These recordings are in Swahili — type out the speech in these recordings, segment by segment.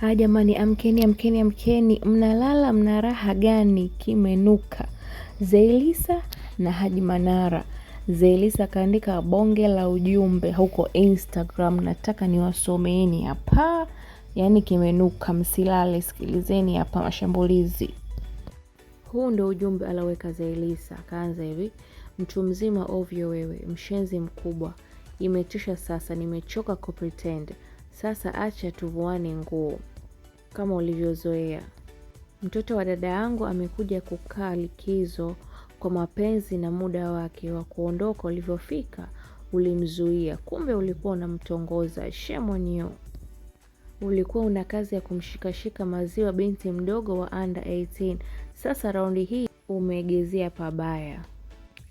Haya jamani, amkeni amkeni amkeni, mnalala mna raha gani? Kimenuka Zailisa na Haji Manara. Zailisa kaandika bonge la ujumbe huko Instagram, nataka niwasomeeni hapa, yaani kimenuka, msilale, sikilizeni hapa mashambulizi. Huu ndio ujumbe aloweka Zailisa, akaanza hivi: mtu mzima ovyo wewe, mshenzi mkubwa, imetisha sasa, nimechoka kupretend sasa acha tuvuane nguo kama ulivyozoea. Mtoto wa dada yangu amekuja kukaa likizo kwa mapenzi, na muda wake wa kuondoka ulivyofika ulimzuia. Kumbe ulikuwa unamtongoza. Shame on you! Ulikuwa una kazi ya kumshikashika maziwa binti mdogo wa under 18. Sasa raundi hii umeegezea pabaya.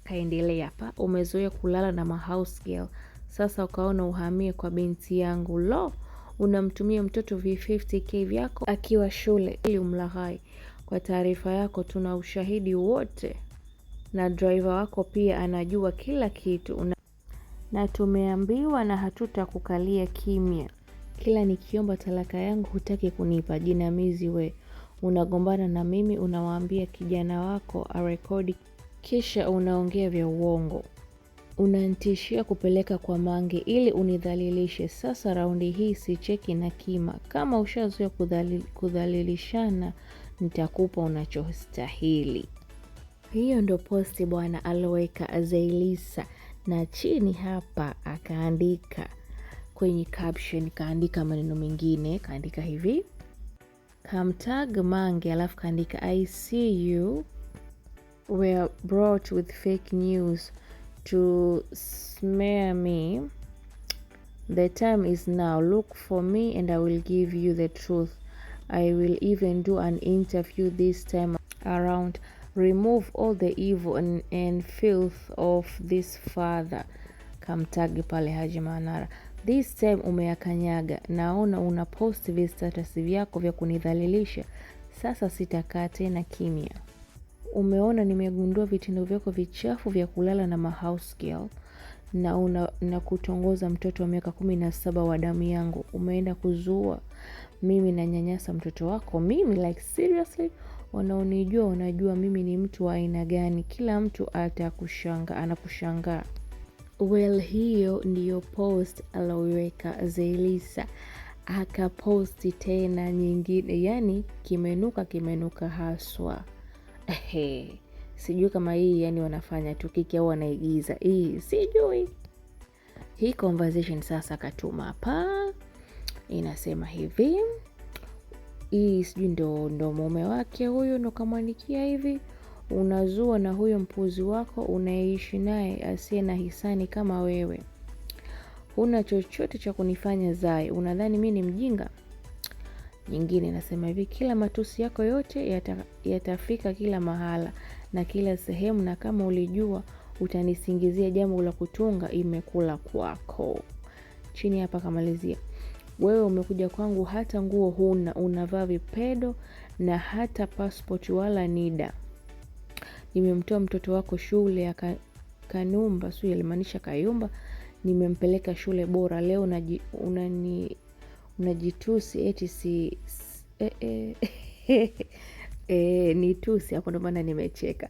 Kaendelea pa, umezoea kulala na mahouse girl sasa ukaona uhamie kwa binti yangu. Lo, unamtumia mtoto v50k vyako akiwa shule ili umlaghai. Kwa taarifa yako, tuna ushahidi wote na driver wako pia anajua kila kitu una... na tumeambiwa na hatutakukalia kimya. Kila nikiomba talaka yangu hutaki kunipa. Jinamizi we! Unagombana na mimi, unawaambia kijana wako arekodi, kisha unaongea vya uongo unantishia kupeleka kwa Mange ili unidhalilishe. Sasa raundi hii sicheki na kima, kama ushazoea kudhalil, kudhalilishana nitakupa unachostahili. Hiyo ndo posti bwana aloweka Azailisa, na chini hapa akaandika kwenye caption, kaandika maneno mengine, kaandika hivi kamtag Mange, alafu kaandika I see you were brought with fake news to smear me. The time is now. Look for me and I will give you the truth. I will even do an interview this time around. Remove all the evil and, and filth of this father. Kamtagi pale Haji Manara. This time umeakanyaga Naona una post vistatus vyako vya kunidhalilisha. Sasa sitakaa tena kimya umeona nimegundua vitendo vyako vichafu vya kulala na mahouse girl na, una, na kutongoza mtoto wa miaka kumi na saba wa damu yangu. Umeenda kuzua mimi nanyanyasa mtoto wako. Mimi like seriously, wanaonijua wanajua mimi ni mtu wa aina gani. Kila mtu atakushanga anakushangaa. Well, hiyo ndiyo post aloweka Zelisa akaposti tena nyingine, yani kimenuka kimenuka haswa. Ehe, sijui kama hii yani wanafanya tu kiki au wanaigiza hii, sijui hii conversation. Sasa katuma hapa inasema hivi hii sijui ndo, ndo mume wake huyu ndo kamwandikia hivi, unazua na huyo mpuzi wako unayeishi naye asiye na hisani kama wewe, huna chochote cha kunifanya zae. Unadhani mi ni mjinga? nyingine nasema hivi: kila matusi yako yote yata, yatafika kila mahala na kila sehemu, na kama ulijua utanisingizia jambo la kutunga, imekula kwako. Chini hapa kamalizia, wewe umekuja kwangu, hata nguo huna, unavaa vipedo na hata passport wala NIDA. Nimemtoa mtoto wako shule ya Kanumba, sio alimaanisha Kayumba, nimempeleka shule bora. Leo unani mnajitusi eti si e, e, e, ni tusi hapo, ndo maana nimecheka.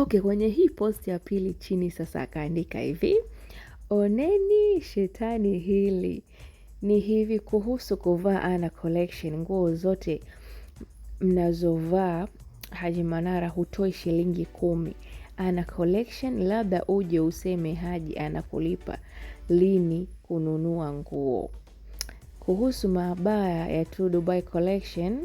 Okay, kwenye hii post ya pili chini sasa akaandika hivi, oneni shetani hili. Ni hivi kuhusu kuvaa ana collection, nguo zote mnazovaa Haji Manara hutoi shilingi kumi ana collection, labda uje useme Haji anakulipa lini kununua nguo kuhusu mabaya ya tu Dubai Collection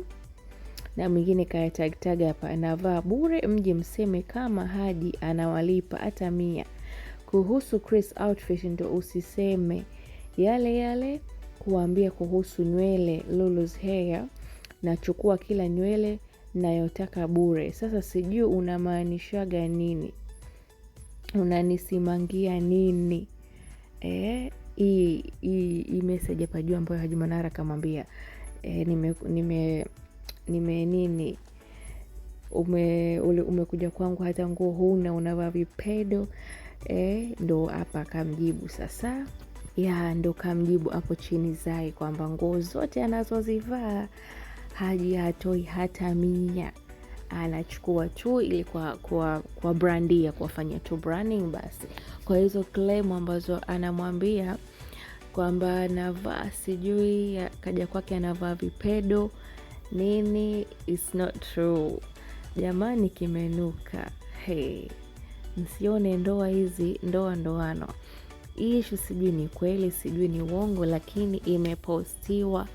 na mwingine kayatagtag hapa, anavaa bure mji mseme kama Haji anawalipa hata mia. Kuhusu Chris outfit ndo usiseme yale yale, kuambia kuhusu nywele Lulu's hair, nachukua kila nywele nayotaka bure. Sasa sijui unamaanishaga nini, unanisimangia nini eh? hii message hapa juu ambayo Haji Manara akamwambia e, nime, nime, nime nini ume, ule, umekuja kwangu hata nguo huna unavaa vipedo e, ndo hapa akamjibu sasa ya ndo kamjibu hapo chini Zai kwamba nguo zote anazozivaa Haji hatoi hata mia anachukua tu ili kwa kwa kwa brandia kuwafanyia tu branding basi. Kwa hizo klemu ambazo anamwambia kwamba anavaa sijui kaja kwake anavaa vipedo nini, it's not true jamani, kimenuka. Hey, msione ndoa hizi ndoa ndoano. Hii ishu sijui ni kweli sijui ni uongo, lakini imepostiwa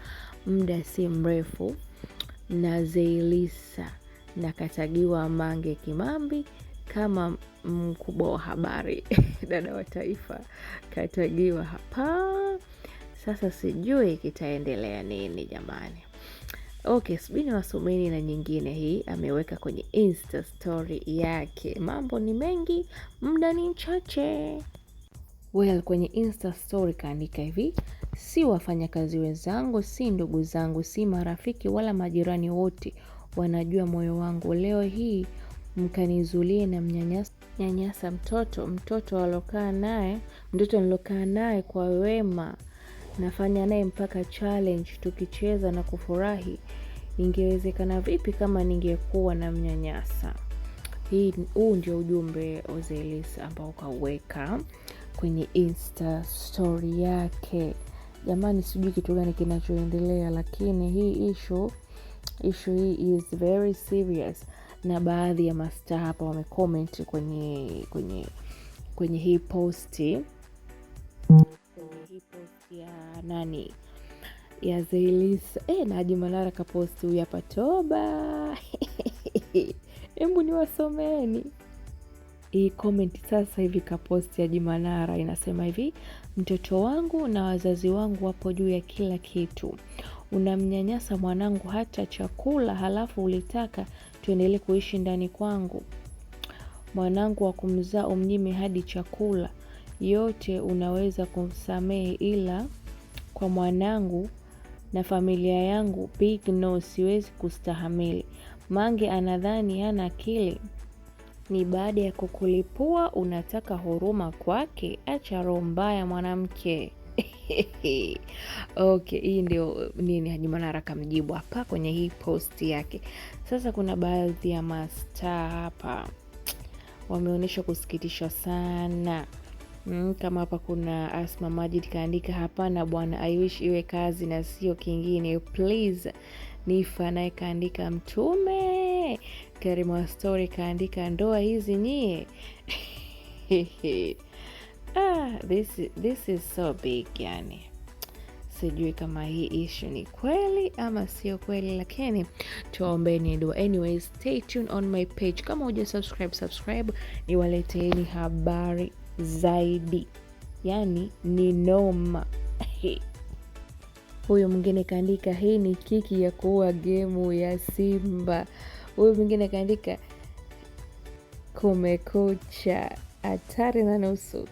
muda si mrefu na zeilisa na Katagiwa Mange Kimambi kama mkubwa wa habari dada wa taifa Katagiwa hapa. Sasa sijui kitaendelea nini jamani. Okay, sbini ni wasomeni na nyingine hii ameweka kwenye Insta story yake. Mambo ni mengi, muda ni mchache. Well, kwenye Insta story kaandika hivi: si wafanyakazi wenzangu, si ndugu zangu, si marafiki wala majirani wote wanajua moyo wangu. Leo hii mkanizulie na mnyanyasa mtoto mtoto alokaa naye mtoto nilokaa naye kwa wema, nafanya naye mpaka challenge, tukicheza na kufurahi. Ingewezekana vipi kama ningekuwa na mnyanyasa? Hii, huu ndio ujumbe Ozee ambao ukauweka kwenye insta story yake. Jamani, sijui kitu gani kinachoendelea, lakini hii issue Ishu hii is very serious, na baadhi ya mastaa hapa wamecomment kwenye kwenye kwenye hii posti kwenye hii posti ya nani ya zeilis e, eh, na Haji Manara kaposti huyu hapa toba. Hebu niwasomeni hii koment sasa hivi kaposti ya jimanara inasema hivi: mtoto wangu na wazazi wangu wapo juu ya kila kitu unamnyanyasa mwanangu hata chakula, halafu ulitaka tuendelee kuishi ndani kwangu? Mwanangu wa kumzaa umnyime hadi chakula? Yote unaweza kumsamehe, ila kwa mwanangu na familia yangu, big no, siwezi kustahamili. Mange anadhani hana akili? Ni baada ya kukulipua unataka huruma kwake? Acha roho mbaya mwanamke. Okay, hii ndio nini Jumanara mjibu hapa kwenye hii posti yake. Sasa kuna baadhi ya mastaa hapa wameonyesha kusikitishwa sana. Mm, kama hapa kuna Asma Majid kaandika, hapana bwana, I wish iwe kazi na sio kingine please. Nifa naye kaandika mtume. karimastori Story kaandika ndoa hizi nyie ah, this, this is so big yani sijui kama hii ishu ni kweli ama sio kweli lakini tuwaombeni dua anyway stay tuned on my page kama uja subscribe subscribe niwaleteeni habari zaidi yani ni noma huyu mwingine kaandika hii ni kiki ya kuua gemu ya simba huyu mwingine kaandika kumekucha hatari na nusu